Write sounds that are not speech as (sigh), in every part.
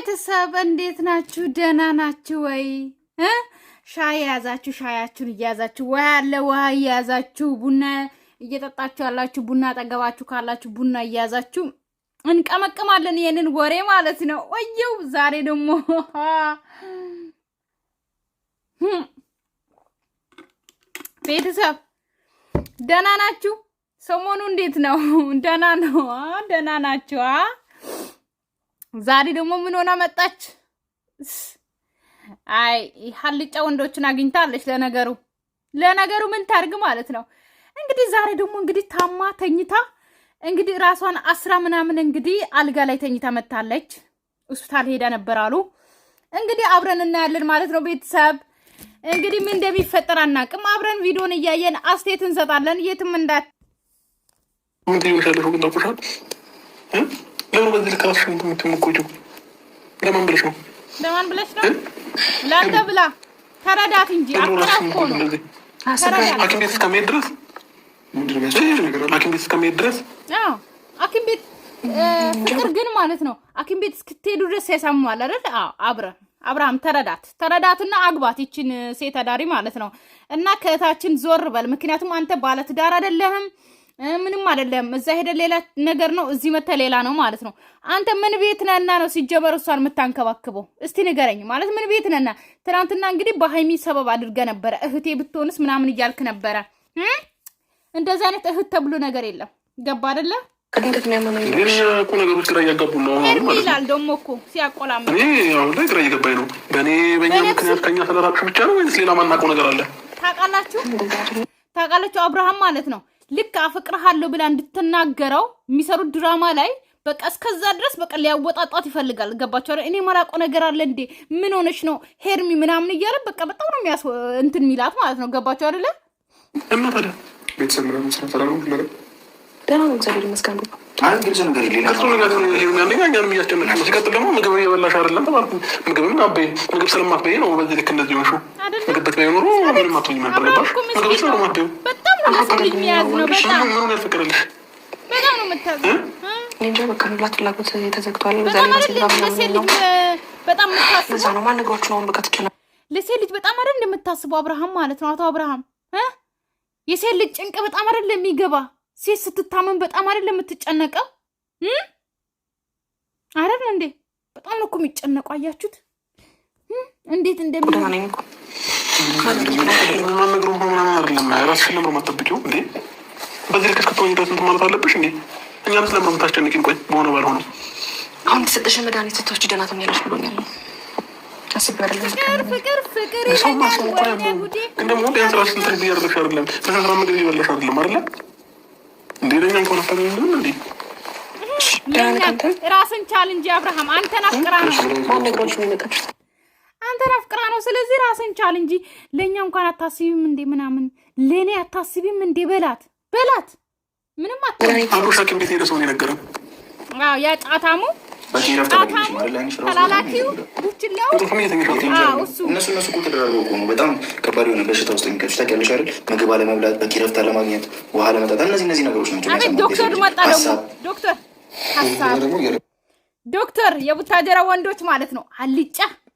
ቤተሰብ እንዴት ናችሁ? ደህና ናችሁ ወይ? ሻይ የያዛችሁ ሻያችሁን እየያዛችሁ ውሃ ያለ ውሃ እየያዛችሁ ቡና እየጠጣችሁ ያላችሁ ቡና አጠገባችሁ ካላችሁ ቡና እየያዛችሁ እንቀመቅማለን ይሄንን ወሬ ማለት ነው። ወየው ዛሬ ደግሞ (laughs) ቤተሰብ ደህና ናችሁ? ሰሞኑ እንዴት ነው? ደህና ነው? ደህና ናችሁ? ዛሬ ደግሞ ምን ሆና መጣች? አይ ሀልጫ ወንዶችን አግኝታለች። ለነገሩ ለነገሩ ምን ታርግ ማለት ነው። እንግዲህ ዛሬ ደግሞ እንግዲህ ታማ ተኝታ እንግዲህ ራሷን አስራ ምናምን እንግዲህ አልጋ ላይ ተኝታ መታለች። ሆስፒታል ሄዳ ነበር አሉ። እንግዲህ አብረን እናያለን ማለት ነው። ቤተሰብ እንግዲህ ምን እንደሚፈጠር አናውቅም። አብረን ቪዲዮን እያየን አስተያየት እንሰጣለን። የትም እንዳት ለምን በዚህ ልክ ራስሽ የምትጎጂው? ለማን ብለሽ ነው? ለማን ብለሽ ነው? ለአንተ ብላ ተረዳት እንጂ ሐኪም ቤት እስከመሄድ ድረስ ሐኪም ቤት እስከመሄድ ድረስ ሐኪም ቤት ፍቅር ግን ማለት ነው። ሐኪም ቤት እስክትሄዱ ድረስ ያሳምማል አይደል? አብረን አብርሃም ተረዳት ተረዳትና አግባት ይችን ሴት አዳሪ ማለት ነው። እና ከእታችን ዞር በል፣ ምክንያቱም አንተ ባለትዳር አይደለህም። ምንም አይደለም። እዛ ሄደ ሌላ ነገር ነው፣ እዚህ መተ ሌላ ነው ማለት ነው። አንተ ምን ቤት ነና ነው ሲጀመር እሷን የምታንከባክበው? እስቲ ንገረኝ። ማለት ምን ቤት ነና? ትናንትና እንግዲህ በሀይሚ ሰበብ አድርገ ነበረ፣ እህቴ ብትሆንስ ምናምን እያልክ ነበረ። እንደዚህ አይነት እህት ተብሎ ነገር የለም። ገባ አደለ? እኮ ነገሮች ግራ እያጋቡ ነው ይላል። ደግሞ እኮ ሲያቆላም አሁን ላይ ግራ እየገባኝ ነው። በእኔ በእኛ ምክንያት ከኛ ተደራቅሽ ብቻ ነው ወይስ ሌላ ማናውቀው ነገር አለ? ታውቃላችሁ፣ ታውቃላችሁ አብርሃም ማለት ነው ልክ አፈቅርሃለሁ ብላ እንድትናገረው የሚሰሩት ድራማ ላይ በቃ እስከዛ ድረስ በቃ ሊያወጣጣት ይፈልጋል። ገባቸው። እኔ መላቆ ነገር አለ እንዴ? ምን ሆነች ነው ሄርሚ ምናምን እያለ በቃ በጣም ነው የሚያስ እንትን የሚላት ማለት ነው። ገባቸው አይደለ? ቤተሰብ ነው ምግብ አይደለም የሚያዝ በጣም በጣም ነው ለሴት ልጅ በጣም አይደል እንደምታስበው አብርሃም ማለት ነው። አቶ አብርሃም የሴት ልጅ ጭንቅ በጣም አይደል የሚገባ ሴት ስትታመን በጣም አይደል የምትጨነቀው አይደል እንዴ? በጣም ነው እኮ የሚጨነቁ አያችሁት እንዴት እንደሚ መነግሩ ምናምን አይደለም። ራስሽን ነበር ማጠብቂው እንዴ? በዚህ ልክ እስክትሆኝ ድረስ እንትን ማለት አለብሽ እንዴ? እኛም ስለምን የምታስጨንቂን? ቆይ በሆነ ባልሆነ አሁን የተሰጠሽ መድኃኒት ስቶች ደህና ትሆኛለሽ ብሎኛል። አይደለም። በስራ ምግብ አይደለም አይደለም አንተን አፍቅራ ነው። ስለዚህ ራስን ቻል እንጂ ለእኛ እንኳን አታስቢም እንዴ ምናምን፣ ለእኔ አታስቢም እንዴ በላት በላት። ምንም አታአብሮ ቤት ሄደ ያ ጫታሙ በጣም ከባድ የሆነ በሽታ ውስጥ የሚከቱ ታውቂያለሽ አይደል? ምግብ አለመብላት፣ በቂ ረፍት አለማግኘት፣ ውሃ እነዚህ እነዚህ ነገሮች ናቸው። ዶክተር ዶክተር የቡታጀራ ወንዶች ማለት ነው አልጫ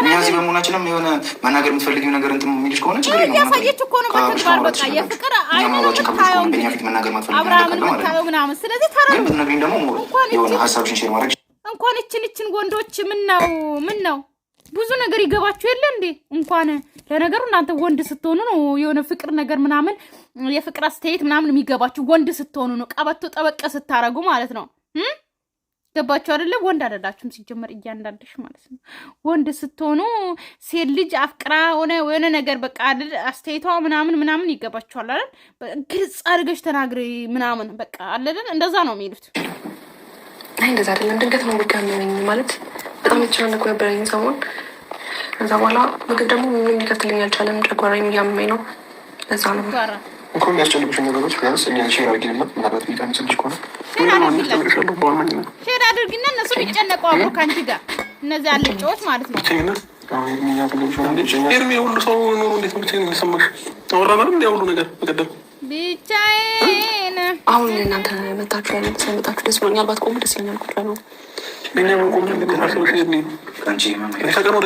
እኛ እዚህ የሆነ መናገር የምትፈልጊው ነገር እንትን የሚልሽ ከሆነ ችግር ነው። እያሳየች እኮ ነው በተግባር በቃ የፍቅር ምናምን። ስለዚህ ብትነግሪኝ ደግሞ የሆነ ሀሳብሽን ሼር ማድረግ እንኳን እችን እችን ወንዶች ምን ነው ምን ነው ብዙ ነገር ይገባችሁ የለ እንዴ? እንኳን ለነገሩ እናንተ ወንድ ስትሆኑ ነው የሆነ ፍቅር ነገር ምናምን የፍቅር አስተያየት ምናምን የሚገባችሁ ወንድ ስትሆኑ ነው፣ ቀበቶ ጠበቀ ስታረጉ ማለት ነው። ገባችሁ አይደለም? ወንድ አይደላችሁም ሲጀመር እያንዳንድሽ ማለት ነው። ወንድ ስትሆኑ ሴት ልጅ አፍቅራ ሆነ የሆነ ነገር በቃ አስተያየቷ ምናምን ምናምን ይገባችኋል አይደል? ግልጽ አድርገሽ ተናግሪ ምናምን በቃ አለልን እንደዛ ነው የሚሉት። አይ እንደዛ አይደለም። ድንገት ነው ጉዳ የሚሆኝ ማለት በጣም የተጨናነኩ ነበረኝ ሰሞን። ከዛ በኋላ ምግብ ደግሞ ምን ሊከፍትልኝ አልቻለም። ጨጓራ እያመመኝ ነው። ለዛ ነው እንኳን የሚያስጨንቁሽ ነገሮች ቢያንስ እኛ ሼር አድርጊ ምናልባት ሚቀንስልሽ ከሆነ ሼር አድርግላቸው ሼር አድርግና እነሱ ቢጨነቁ አብሮ ከአንቺ ጋር እነዚህ አልጫዎች ማለት ነው። ኤርሚ ሁሉ ሰው ኖሮ እንዴት ነው ብቻዬን ሊሰማሽ? አወራን አይደል? ሁሉ ነገር በቀደም ብቻዬን። አሁን እናንተ መታችሁ ያለ ስለመጣችሁ ደስ ብሎኛል። ባትቆሙ ደስ ይለኛል። ኩላ ነው ከቀን ወደ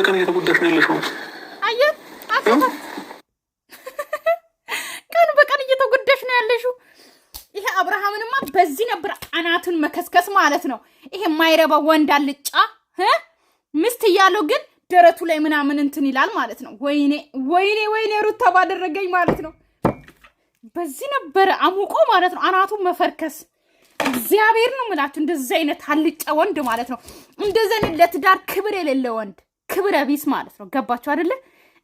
ቀን እየተጎዳሽ ነው ያለሽው። አየህ በዚህ ነበር አናቱን መከስከስ ማለት ነው። ይሄ የማይረባ ወንድ አልጫ ምስት እያለው ግን ደረቱ ላይ ምናምን እንትን ይላል ማለት ነው። ወይኔ ወይኔ ወይኔ ሩታ ባደረገኝ ማለት ነው። በዚህ ነበረ አሙቆ ማለት ነው አናቱን መፈርከስ። እግዚአብሔር ነው ምላችሁ። እንደዚህ አይነት አልጫ ወንድ ማለት ነው። እንደዚህ አይነት ለትዳር ክብር የሌለ ወንድ ክብረ ቢስ ማለት ነው። ገባችሁ አይደለ?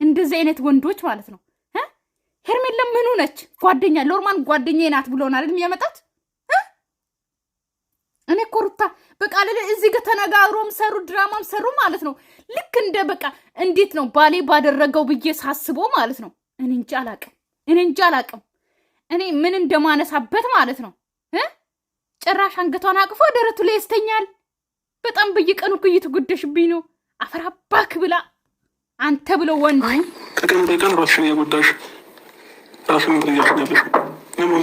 እንደዚህ አይነት ወንዶች ማለት ነው። ሄርሜላ ምኑ ነች? ጓደኛ ሎርማን ጓደኛ ናት ብሎን ብሎናል የሚያመጣት እኔ እኮ ሩታ በቃ እዚህ ጋር ተነጋግሮም ሰሩ ድራማም ሰሩ ማለት ነው። ልክ እንደ በቃ እንዴት ነው ባሌ ባደረገው ብዬ ሳስቦ ማለት ነው። እኔ እንጃ አላቅም፣ እኔ እንጃ አላቅም፣ እኔ ምን እንደማነሳበት ማለት ነው። ጭራሽ አንገቷን አቅፎ ደረቱ ላይ ያስተኛል። በጣም በየቀኑ እኮ እየተጎደሽብኝ ነው። አፈራባክ ብላ አንተ ብለው ወንድ ከቀን በቀን ራስሽን እያጎዳሽ ራስሽን ትያሽን ያለሽ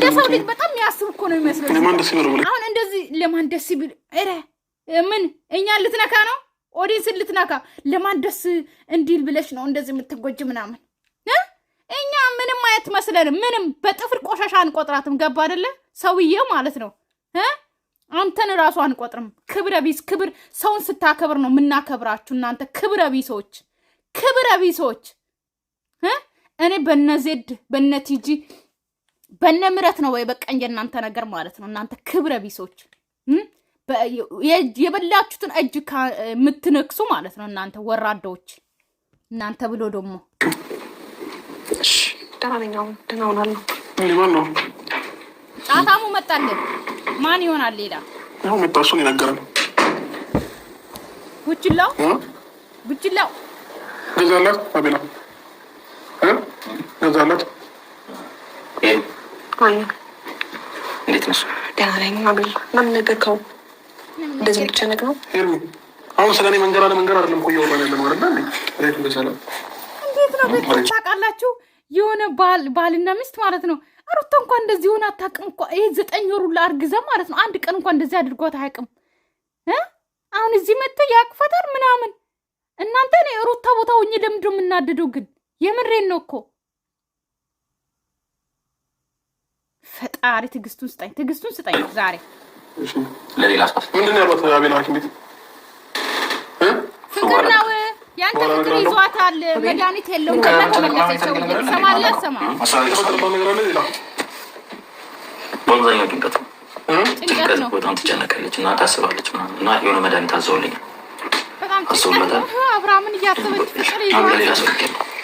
ለሰው ልጅ በጣም የሚያስብ እኮ ነው የሚመስለው። አሁን እንደዚህ ለማን ደስ ቢል ኧረ ምን እኛን ልትነካ ነው? ኦዲንስን ልትነካ ለማን ደስ እንዲል ብለሽ ነው እንደዚህ የምትጎጅ ምናምን። እኛ ምንም አትመስለንም። ምንም በጥፍር ቆሻሻ አንቆጥራትም። ገባ አይደለ ሰውዬው ማለት ነው። አንተን እራሱ አንቆጥርም። ክብረ ቢስ ክብር ሰውን ስታከብር ነው የምናከብራችሁ እናንተ ክብረ ቢሶች፣ ክብረ ቢሶች። እኔ በነ ዜድ በነ ቲጂ በነ ምረት ነው ወይ በቃ የእናንተ እናንተ ነገር ማለት ነው። እናንተ ክብረ ቢሶች የበላችሁትን እጅ የምትነክሱ ማለት ነው። እናንተ ወራዳዎች፣ እናንተ ብሎ ደግሞ ጣታሙ መጣልን ማን ይሆናል? ሌላ መጣሱን ቡችላው ቡችላው ገዛላት አቤላ ገዛላት ማነው? እንዴት ነሽ? ደህና ነኝ አቤል። ምን ነገርከው? እንደዚህ የምትጨነቅ ነው? አሁን ስለ እኔ መንገር አለ አይደለም እኮ እያወራን ያለ ማለት ነው። እንዴት ነው ቤት ታውቃላችሁ? የሆነ ባልና ሚስት ማለት ነው። ሩታ እንኳን እንደዚህ ሆነ አታውቅም እኮ ይሄ ዘጠኝ ወሩ አርግዛ ማለት ነው። አንድ ቀን እንኳን እንደዚህ አድርጓት አያውቅም። አሁን እዚህ መተ ያቅፈታል ምናምን እናንተ እኔ ሩታ ቦታ ሆኜ ለምንድን ነው የምናደደው? ግን የምሬን ነው እኮ ፈጣሪ ትዕግስቱን ስጠኝ፣ ትዕግስቱን ስጠኝ። ዛሬ ለሌላ ፍቅር ነው ያንተ ፍቅር ይዟታል። መድኃኒት የለውም። ሰው ሰማለ ሰማ በአብዛኛው ጭንቀት ጭንቀት ነው። በጣም ትጨነቃለች እና ታስባለች እና የሆነ መድኃኒት አዘውልኛል። በጣም ጭንቀት ነው። አብርሃምን እያሰበች ፍቅር ይዟታል።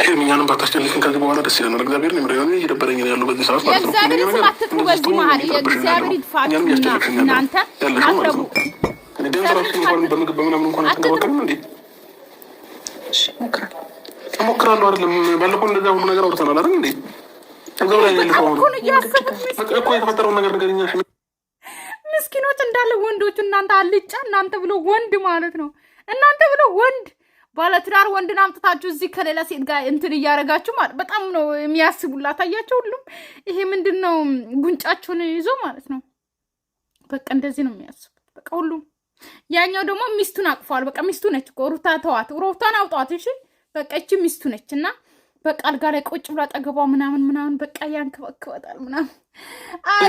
ይሄ እኛንም ባታስጨንቅን ከዚህ በኋላ ደስ ይለናል። እግዚአብሔር ነው የሚረዳ። እየደበረኝ ያለው በዚህ ሰዓት ማለት ነው። እሞክራለሁ አይደለም ባለፈው ሁሉ ነገር አውርተናል አይደል እንዴ? እዛው ላይ ያለፈው እኮ የተፈጠረውን ነገር ምስኪኖች እንዳለ ወንዶቹ እናንተ አልጫ እናንተ ብሎ ወንድ ማለት ነው እናንተ ብሎ ወንድ ባለትዳር ወንድን አምጥታችሁ እዚህ ከሌላ ሴት ጋር እንትን እያደረጋችሁ ማለት በጣም ነው የሚያስቡላት። አያቸው ሁሉም ይሄ ምንድን ነው ጉንጫቸውን ይዞ ማለት ነው። በቃ እንደዚህ ነው የሚያስቡት። በቃ ሁሉም ያኛው ደግሞ ሚስቱን አቅፏል። በቃ ሚስቱ ነች እኮ ሩታ፣ ተዋት፣ ሩታን አውጧት። እሺ በቃ እቺ ሚስቱ ነች እና በቃ አልጋ ላይ ቁጭ ብላ ጠገቧ ምናምን ምናምን በቃ ያንከባክባታል ምናምን አይ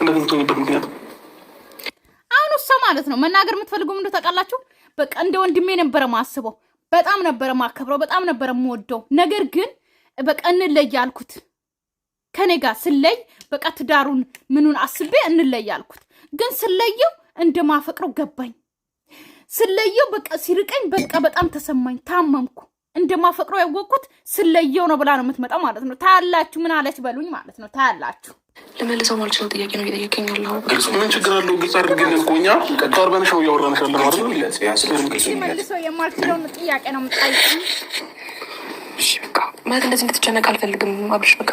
እንደዚህ የምትሆኝበት ምክንያት አሁን እሷ ማለት ነው መናገር የምትፈልጉ ምንድ ታውቃላችሁ? በቃ እንደ ወንድሜ ነበረ ማስበው፣ በጣም ነበረ ማከብረው፣ በጣም ነበረ የምወደው። ነገር ግን በቃ እንለይ አልኩት። ከኔ ጋር ስለይ በቃ ትዳሩን ምኑን አስቤ እንለይ አልኩት። ግን ስለየው እንደማፈቅረው ገባኝ። ስለየው በቃ ሲርቀኝ በቃ በጣም ተሰማኝ። ታመምኩ። እንደማፈቅረው ያወቅኩት ስለየው ነው ብላ ነው የምትመጣው ማለት ነው። ታያላችሁ። ምን አለች በሉኝ ማለት ነው። ታያላችሁ። ልመልሰው ማልችለው ጥያቄ ነው እየጠየቀኝ ያለው። ግልጽ ምን ችግር አለው? ግልጽ አድርግልን እኮ እኛ እያወራንሽ ያለ ማለት ነው። መልሰው የማልችለውን ጥያቄ ነው የምትጠይቀኝ ማለት እንደዚህ እንድትጨነቅ አልፈልግም አብርሽ በቃ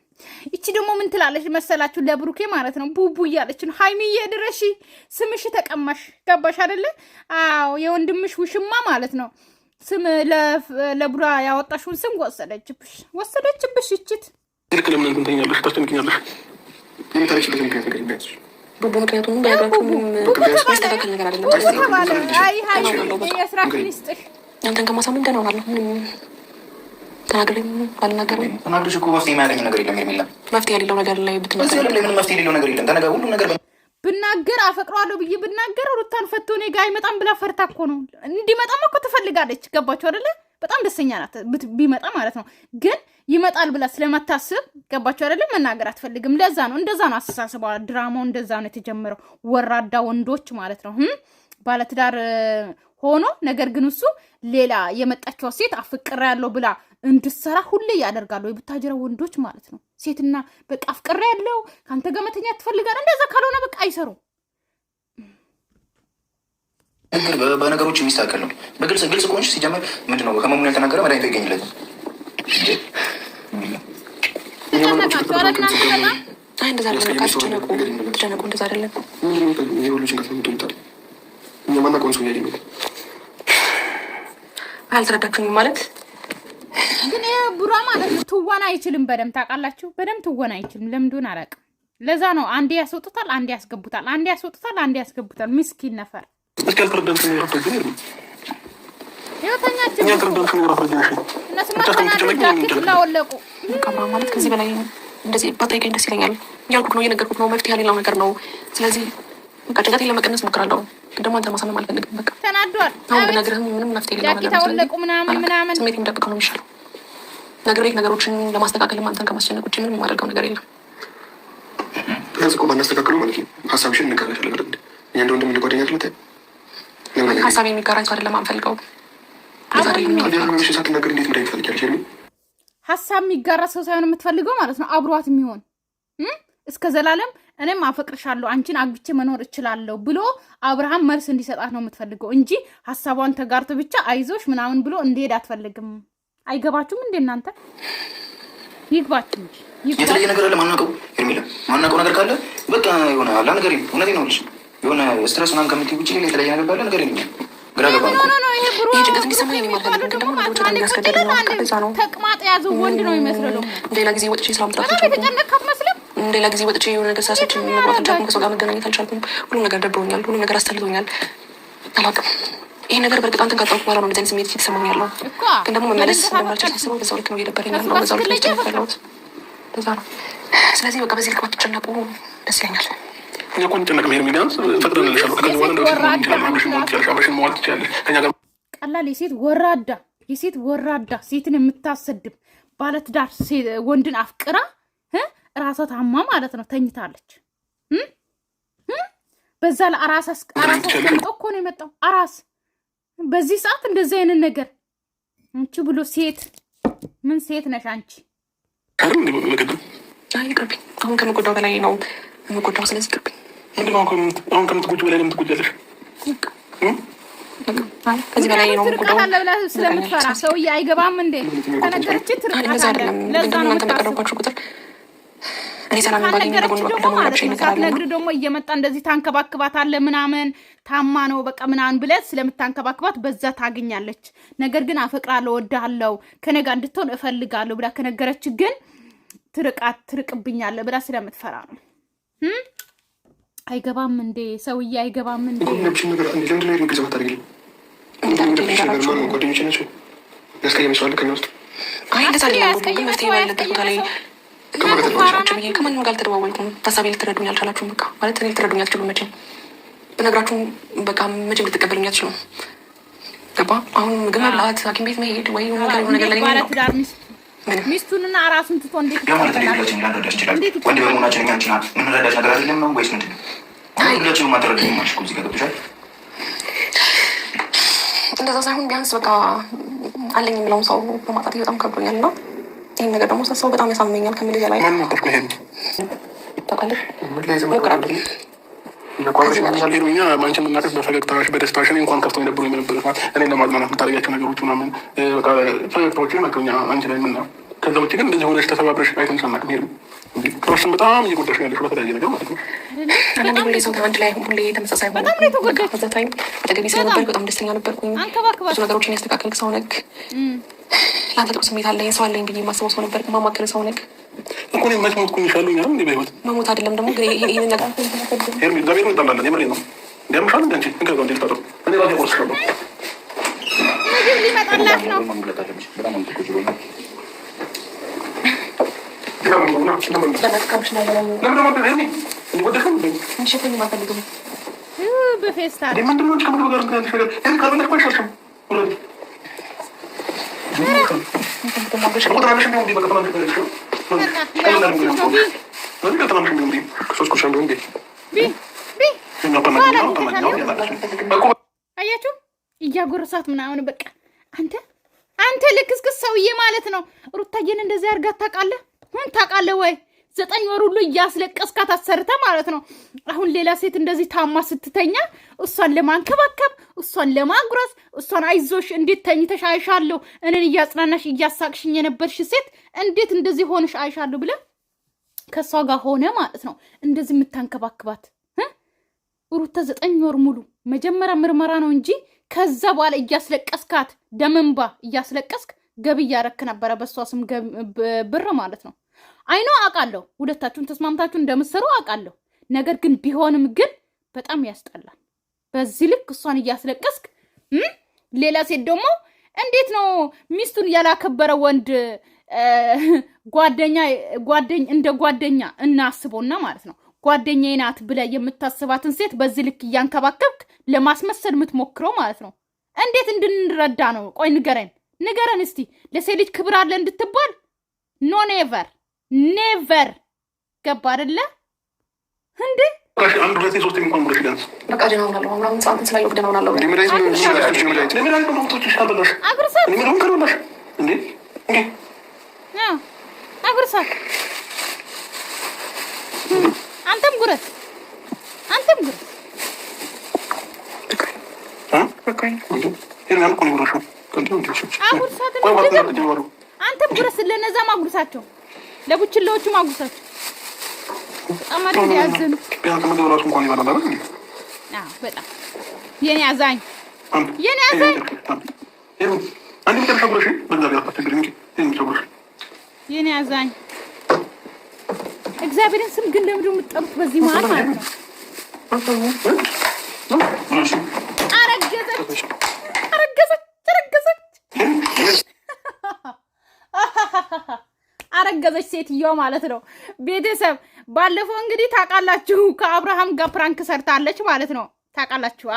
ይቺ ደግሞ ምን ትላለች መሰላችሁ? ለብሩኬ ማለት ነው። ቡቡ እያለች ነው። ሀይሚዬ ድረሺ፣ ስምሽ ተቀማሽ። ገባሽ አደለ? አዎ የወንድምሽ ውሽማ ማለት ነው። ስም ለቡራ ያወጣሽውን ስም ወሰደችብሽ፣ ወሰደችብሽ። ይችት ልክ ለምን ትንተኛለሽ? ታስተምክኛለሽ የምታለችበት ምክንያት ነገር ይመያዝሽ ቡቡ ምክንያቱም ተባለ። ነገር ሀይ የስራ ሚኒስትር አንተን ከማሳመን ደህና ሆናለሁ ምንም ብናገር አፈቅረዋለሁ ብዬ ብናገር ሩታን ፈቶ እኔ ጋ አይመጣም ብላ ፈርታ እኮ ነው። እንዲመጣም እኮ ትፈልጋለች። ገባችሁ አይደለ? በጣም ደስተኛ ናት ቢመጣ ማለት ነው። ግን ይመጣል ብላ ስለማታስብ ገባችሁ አይደለ? መናገር አትፈልግም። ለዛ ነው እንደዛ ነው አስተሳሰቧ። ድራማው እንደዛ ነው የተጀመረው። ወራዳ ወንዶች ማለት ነው። ባለትዳር ሆኖ ነገር ግን እሱ ሌላ የመጣችዋ ሴት አፍቅራ ያለው ብላ እንድሰራ ሁሌ ያደርጋሉ። የብታጀረ ወንዶች ማለት ነው። ሴትና በቃ አፍቅራ ያለው ከአንተ ጋር መተኛት ትፈልጋል። እንደዛ ካልሆነ በቃ አይሰሩ። በነገሮች የሚስተካከል ነው። በግልጽ ግልጽ ከሆንሽ ሲጀመር ምንድን ነው ህመሙን ያልተናገረ መድኃኒቱ ይገኝለት እንደዛ የማናውቀውን ሰው ያገኘ አልተረዳችሁኝ ማለት ግን ቡራ ማለት ትወና አይችልም። በደም ታውቃላችሁ። በደምብ ትወና አይችልም። ለምዱን አላውቅም። ለዛ ነው አንዴ ያስወጡታል፣ አንዴ ያስገቡታል፣ አንዴ ያስወጡታል፣ አንዴ ያስገቡታል። ምስኪን ነፈር ህይወተኛችን ማለት ከዚህ በላይ እንደዚህ ባታይቀኝ ደስ ይለኛል እያልኩት ነው፣ እየነገርኩት ነው። መፍትሄ ሌላው ነገር ነው። ስለዚህ በቃ ጭንቀቴን ለመቀነስ ሞክራለሁ ግን ደግሞ አንተ ማሳመም አልፈልግም። በቃ ተናዷል። አሁን ብነግርህም ምንም መፍትሄ ሊሆንለቁ ምናምን ምናምን ስሜት የሚደብቀው ነው የሚሻለው። ነግሬህ ነገሮችን ለማስተካከልም አንተን ከማስጨነቅ ውጭ ምንም የማደርገው ነገር የለም። ቢያንስ እኮ ባናስተካክለው ማለት ነው ሀሳብሽን እንጋራሻለን አይደል? እኛ እንደ ወንድም እንደ ጓደኛ ሀሳብ የሚጋራኝ ሰው አይደለም አንፈልገው እንዴት ሀሳብ የሚጋራ ሰው ሳይሆን የምትፈልገው ማለት ነው አብሯት የሚሆን እስከ ዘላለም እኔም አፈቅርሻለሁ አንቺን አግብቼ መኖር እችላለሁ ብሎ አብርሃም መልስ እንዲሰጣት ነው የምትፈልገው እንጂ ሀሳቧን ተጋርቶ ብቻ አይዞሽ ምናምን ብሎ እንዲሄድ አትፈልግም። አይገባችሁም እንዴ እናንተ? ይግባችሁ እንጂ የተለየ ነገር አለ ማናቀው የሚለ ማናቀው ነገር ካለ በቃ የሆነ አላ ነገር እውነቴ ነው ልጅ የሆነ ስትረስ ምናምን ከምትይ ውጭ ሌላ የተለየ ነገር ካለ ነገር የሚለ ተቅማጥ የያዘው ወንድ ነው ይመስለው። ሌላ ጊዜ ወጥቼ ስራ ምጥራት ነው ሌላ ጊዜ ወጥቼ የሆነ ነገር ሳሰች መግባት አልቻልኩም። ከሰው ጋር መገናኘት አልቻልኩም። ሁሉም ነገር ደብሮኛል። ሁሉም ነገር አስተልቶኛል። አላውቅም። ይህ ነገር በእርግጥ አንተን ካጣሁት በኋላ ነው እንደዚህ ዓይነት ስሜት እየተሰማኝ ያለው። ግን ደግሞ መመለስ እንደማልችል ሳስበው በዛው ልክ ነው እየደበረኝ ያለው። በዛው ልክ ነው ያለሁት። በዛ ነው። ስለዚህ በቃ በዚህ ልክ ባትጨነቁ ደስ ይለኛል። የሴት ወራዳ የሴት ወራዳ ሴትን የምታሰድብ ባለትዳር ወንድን አፍቅራ ራሷ ታማ ማለት ነው ተኝታለች። በዛ ላይ አራስ አስቀምጦ እኮ ነው የመጣው አራስ። በዚህ ሰዓት እንደዚህ አይነት ነገር አንቺ ብሎ ሴት ምን ሴት ነሽ አንቺ? አሁን ከምጎዳው በላይ ነው የምጎዳው። ስለዚህ ይቅርብኝ። አሁን ከምትጎጂው በላይ ነው የምትጎጃለሽ። ከዚህ በላይ ነው የምጎዳው ስለምትፈራ ሰውዬ አይገባም እንዴ? ከነገረችን ትርቃታለህ። ለዛ ነው ቁጥር እኔ ሰላም ባገኝ ነግር ደግሞ እየመጣ እንደዚህ ታንከባክባት አለ ምናምን ታማ ነው በቃ ምናምን ብለት ስለምታንከባክባት በዛ ታገኛለች። ነገር ግን አፈቅራለሁ፣ ወድሃለሁ፣ ከነጋ እንድትሆን እፈልጋለሁ ብላ ከነገረች ግን ትርቃት ትርቅብኛለ ብላ ስለምትፈራ ነው። አይገባም እንዴ ሰውዬ፣ አይገባም እንዴ ከኛ ውስጥ ላይ ከማንም ጋር አልተደዋወልኩም። ታሳቢ ልትረዱኝ አልቻላችሁም። በቃ ማለት እኔ ልትረዱኝ አትችሉም። መቼም ብነግራችሁም በቃ መቼም ልትቀበሉኝ አትችሉም። ገባ። አሁን ምግብ መብላት፣ ሐኪም ቤት መሄድ ወይ የሆነ ነገር ላይ ሚስቱንና ራሱን ትቶ እንዴት ወንድ በመሆናችን አንችና ምንረዳሽ ነገር አይደለም ነው ወይስ ምንድን ነው? ሁላቸው ማትረዱ ማሽኩ እዚህ ገብቶሻል። እንደዛ ሳይሆን ቢያንስ በቃ አለኝ የሚለውን ሰው በማጣት በጣም ከብዶኛል ነው ይህን ነገር ደግሞ ሳስበው በጣም ያሳምመኛል ከምልህ በላይ አንቺን የምናውቅሽ በፈገግታሽ በደስታሽ እንኳን ከፍቶ የነበሩ የምንበልፋት እኔ ለማዝናናት የምታደርጊያቸው ነገሮች ምናምን ፈገግታዎች መክኛ አንቺ ላይ ምና ከዛ ውጭ ግን እንደዚህ ሆነሽ ተሰባብረሽ አይተን ሳናቅ ሄዱ ክሮሽን በጣም እየጎዳሽ ያለሽ በተለያየ ነገር ማለት ነው። ሰው አንድ ላይ ሁሌ ተመሳሳይ ሆነ በዛ ታይም በጣም ደስተኛ ነበርኩኝ። ብዙ ነገሮችን ያስተካከልክ ሰው ነህ። ለአንተ ጥሩ ስሜት አለ ሰው አለኝ ብዬ ማስበው ሰው ነበር። ማማከር ሰው ነግ እኮ መች ሞት ኩኝ ይሻሉ ኛም በህይወት መሞት አይደለም ደግሞ ይሄን ነገር እግዚአብሔር እንጣላለን የምሬ ነው። እንዲያምሻል እንደ ንቺ ንገ እንዲ ልታጠሩ እኔ ራሴ ቆርስ ነው በፌስታ ምንድነው ከምግብ ጋር ምክንያት ነገር ካልሆነ ኳሻልሽም አያችሁ እያጎረሳት ምናምን በቃ አንተ አንተ ልክስክስ ሰውዬ ማለት ነው። ሩታዬን እንደዚህ አድርጋት ታውቃለህ? ሁን ታውቃለህ ወይ? ዘጠኝ ወር ሁሉ እያስለቀስካት አሰርተ ማለት ነው። አሁን ሌላ ሴት እንደዚህ ታማ ስትተኛ እሷን ለማንከባከብ፣ እሷን ለማጉረስ፣ እሷን አይዞሽ እንዴት ተኝተሽ አይሻለሁ እኔን እያጽናናሽ እያሳቅሽኝ የነበርሽ ሴት እንዴት እንደዚህ ሆንሽ አይሻለሁ ብለ ከእሷ ጋር ሆነ ማለት ነው። እንደዚህ የምታንከባክባት ሩተ ዘጠኝ ወር ሙሉ መጀመሪያ ምርመራ ነው እንጂ ከዛ በኋላ እያስለቀስካት ደመንባ እያስለቀስክ ገቢ እያረክ ነበረ በእሷ ስም ብር ማለት ነው። አይኖ አውቃለሁ፣ ሁለታችሁን ተስማምታችሁ እንደምትሰሩ አውቃለሁ። ነገር ግን ቢሆንም ግን በጣም ያስጠላል። በዚህ ልክ እሷን እያስለቀስክ ሌላ ሴት ደግሞ እንዴት ነው ሚስቱን ያላከበረ ወንድ ጓደኛ ጓደኝ እንደ ጓደኛ እናስቦና ማለት ነው ጓደኛ ናት ብለ የምታስባትን ሴት በዚህ ልክ እያንከባከብክ ለማስመሰል የምትሞክረው ማለት ነው። እንዴት እንድንረዳ ነው? ቆይ ንገረን ንገረን እስቲ። ለሴት ልጅ ክብር አለ እንድትባል ኖ ኔቨር ኔቨር ገባ አይደለ እንዴ? አንድ ሁለት ሶስት አንተም ጉረት አንተም ጉረት አንተም ለነዛም አጉርሳቸው ለቡችላዎቹ ማጉሳቸው በጣም አይደል አዎ በጣም የኔ አዛኝ የኔ አዛኝ የኔ አዛኝ። እግዚአብሔርን ስም ግን ለምንድን ነው የምትጠሩት በዚህ መሀል ማለት ነው? ያረገዘች ሴትዮዋ ማለት ነው። ቤተሰብ ባለፈው እንግዲህ ታውቃላችሁ ከአብርሃም ጋር ፕራንክ ሰርታለች ማለት ነው። ታውቃላችሁ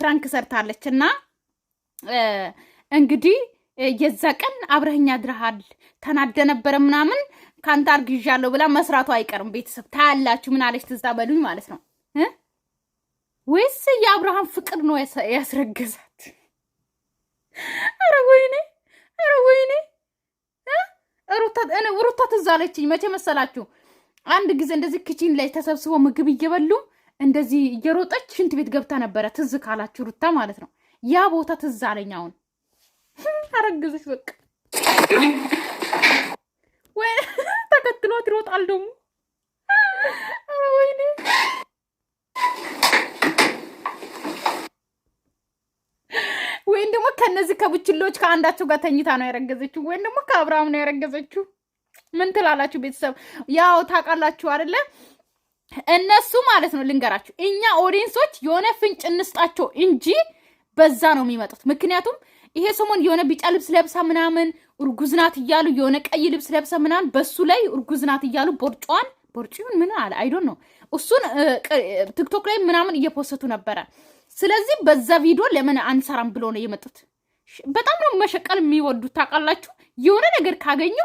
ፕራንክ ሰርታለች እና እንግዲህ የዛ ቀን አብረኸኝ አድረሃል ተናደ ነበረ ምናምን ከአንተ አርግዣለሁ ብላ መስራቱ አይቀርም። ቤተሰብ ታያላችሁ። ምን አለች ትዛ በሉኝ ማለት ነው። ወይስ የአብርሃም ፍቅር ነው ያስረገዛት? ኧረ ወይኔ፣ ኧረ ወይኔ ሩታ ትዝ አለችኝ። መቼ መሰላችሁ? አንድ ጊዜ እንደዚህ ክቺን ላይ ተሰብስቦ ምግብ እየበሉ እንደዚህ እየሮጠች ሽንት ቤት ገብታ ነበረ። ትዝ ካላችሁ ሩታ ማለት ነው። ያ ቦታ ትዝ አለኝ። አሁን (laughs) አረግዘች በቃ ወይ (laughs) ተከትሏት ይሮጣል ደግሞ (laughs) ወይኔ ወይም ደግሞ ከነዚህ ከቡችሎች ከአንዳቸው ጋር ተኝታ ነው ያረገዘችው፣ ወይም ደግሞ ከአብርሃም ነው ያረገዘችው። ምን ትላላችሁ ቤተሰብ? ያው ታውቃላችሁ አይደለ? እነሱ ማለት ነው ልንገራችሁ፣ እኛ ኦዲየንሶች የሆነ ፍንጭ እንስጣቸው እንጂ በዛ ነው የሚመጡት። ምክንያቱም ይሄ ሰሞን የሆነ ቢጫ ልብስ ለብሳ ምናምን እርጉዝ ናት እያሉ የሆነ ቀይ ልብስ ለብሳ ምናምን በሱ ላይ እርጉዝ ናት እያሉ ቦርጫዋን ቦርጭን ምን አለ አይዶን ነው እሱን ቲክቶክ ላይ ምናምን እየፖሰቱ ነበረ። ስለዚህ በዛ ቪዲዮ ለምን አንሰራም ብሎ ነው የመጡት። በጣም ነው መሸቀል የሚወዱት ታውቃላችሁ። የሆነ ነገር ካገኙ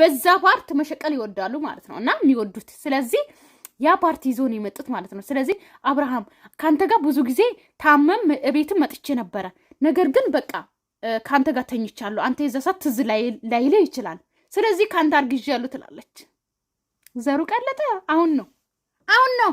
በዛ ፓርት መሸቀል ይወዳሉ ማለት ነው እና የሚወዱት ስለዚህ ያ ፓርቲ ይዞ ነው የመጡት ማለት ነው። ስለዚህ አብርሃም ከአንተ ጋር ብዙ ጊዜ ታመም እቤትም መጥቼ ነበረ። ነገር ግን በቃ ከአንተ ጋር ተኝቻለሁ፣ አንተ የዛ ሰዓት ትዝ ላይለ ይችላል። ስለዚህ ከአንተ ያሉ ትላለች። ዘሩ ቀለጠ። አሁን ነው አሁን ነው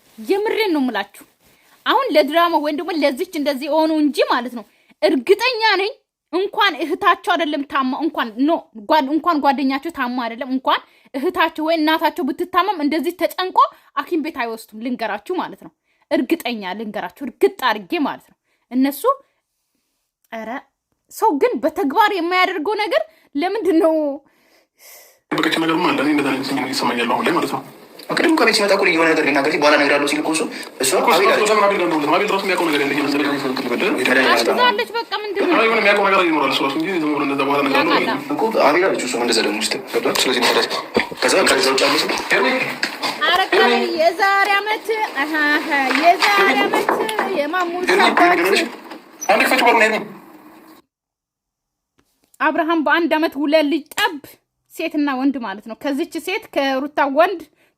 የምሬን ነው የምላችሁ። አሁን ለድራማ ወይም ደግሞ ለዚች እንደዚህ የሆኑ እንጂ ማለት ነው እርግጠኛ ነኝ እንኳን እህታቸው አይደለም ታማ እንኳን ኖ እንኳን ጓደኛቸው ታማ አይደለም እንኳን እህታቸው ወይ እናታቸው ብትታመም እንደዚህ ተጨንቆ ሐኪም ቤት አይወስዱም። ልንገራችሁ ማለት ነው እርግጠኛ ልንገራችሁ እርግጥ አድርጌ ማለት ነው እነሱ ኧረ ሰው ግን በተግባር የማያደርገው ነገር ለምንድን ነው? የበቀች ነገር አንዳንዴ እንደዛ ስሜት ይሰማኛል አሁን ላይ ማለት ነው ቅድም ከቤት ሲመጣ እኮ የሆነ ነገር ሊናገር በኋላ እነግርሃለሁ ሲል እኮ እሱ እሱ አብርሃም በአንድ አመት ሁለት ልጅ ጠብ ሴትና ወንድ ማለት ነው። ከዚች ሴት ከሩታ ወንድ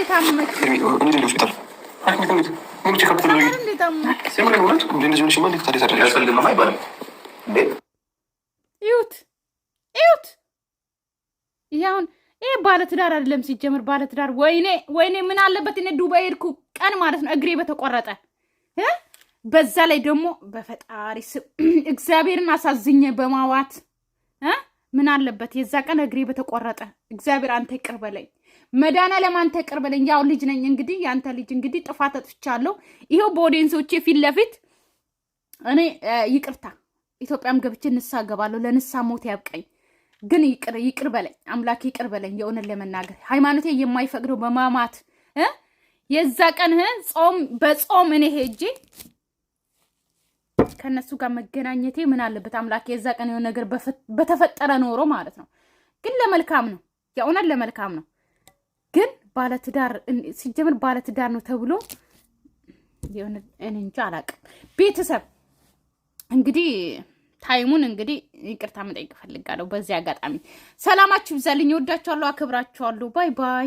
እንዴት ይሁት ይሁት ይሁን። ይህ ባለትዳር አይደለም ሲጀምር። ባለትዳር ወይኔ ወይኔ፣ ምን አለበት እኔ ዱባይ ሄድኩ ቀን ማለት ነው እግሬ በተቆረጠ በዛ ላይ ደግሞ በፈጣሪ ስም (clears throat) እግዚአብሔርን አሳዝኘ በማዋት ምን አለበት የዛ ቀን እግሬ በተቆረጠ። እግዚአብሔር አንተ ይቅር በለኝ። መዳና ለማንተ ቅርበለኝ ያው ልጅ ነኝ እንግዲህ ያንተ ልጅ እንግዲህ ጥፋት አጥፍቻለሁ። ይኸው በኦዲየንሶቼ ፊት ለፊት እኔ ይቅርታ ኢትዮጵያም ገብቼ ንሳ ገባለሁ። ለንሳ ሞት ያብቀኝ፣ ግን ይቅር ይቅር በለኝ አምላክ ይቅር በለኝ። የእውነት ለመናገር ሃይማኖቴ የማይፈቅደው በማማት የዛ ቀን ጾም በጾም እኔ ሄጄ ከእነሱ ጋር መገናኘቴ ምን አለበት አምላክ። የዛ ቀን የሆነ ነገር በተፈጠረ ኖሮ ማለት ነው። ግን ለመልካም ነው፣ የእውነት ለመልካም ነው። ግን ባለትዳር ሲጀምር ባለትዳር ነው ተብሎ የሆነ እኔ እንጃ አላውቅም። ቤተሰብ እንግዲህ ታይሙን እንግዲህ ይቅርታ መጠየቅ እፈልጋለሁ በዚህ አጋጣሚ። ሰላማችሁ ይብዛልኝ። እወዳችኋለሁ፣ አክብራችኋለሁ። ባይ ባይ